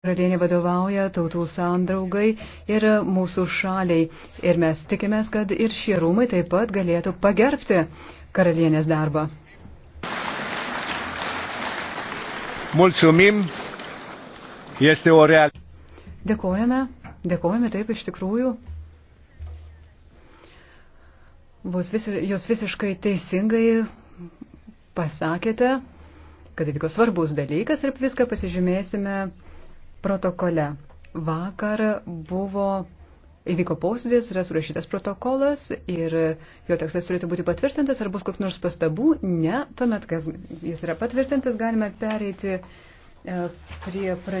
Karalienė vadovauja tautų sandraugai ir mūsų šaliai. Ir mes tikimės, kad ir šie rūmai taip pat galėtų pagerbti karalienės darbą. Mulțumim, este o real. Dėkojame, dėkojame taip iš tikrųjų. Vis, jūs visiškai teisingai pasakėte, kad įvyko svarbus dalykas ir viską pasižymėsime protokole. Vakar buvo įvyko posėdis, yra surašytas protokolas ir jo tekstas turėtų būti patvirtintas, ar bus kokių nors pastabų. Ne, tuomet, kas jis yra patvirtintas, galime pereiti e, prie pranešimo.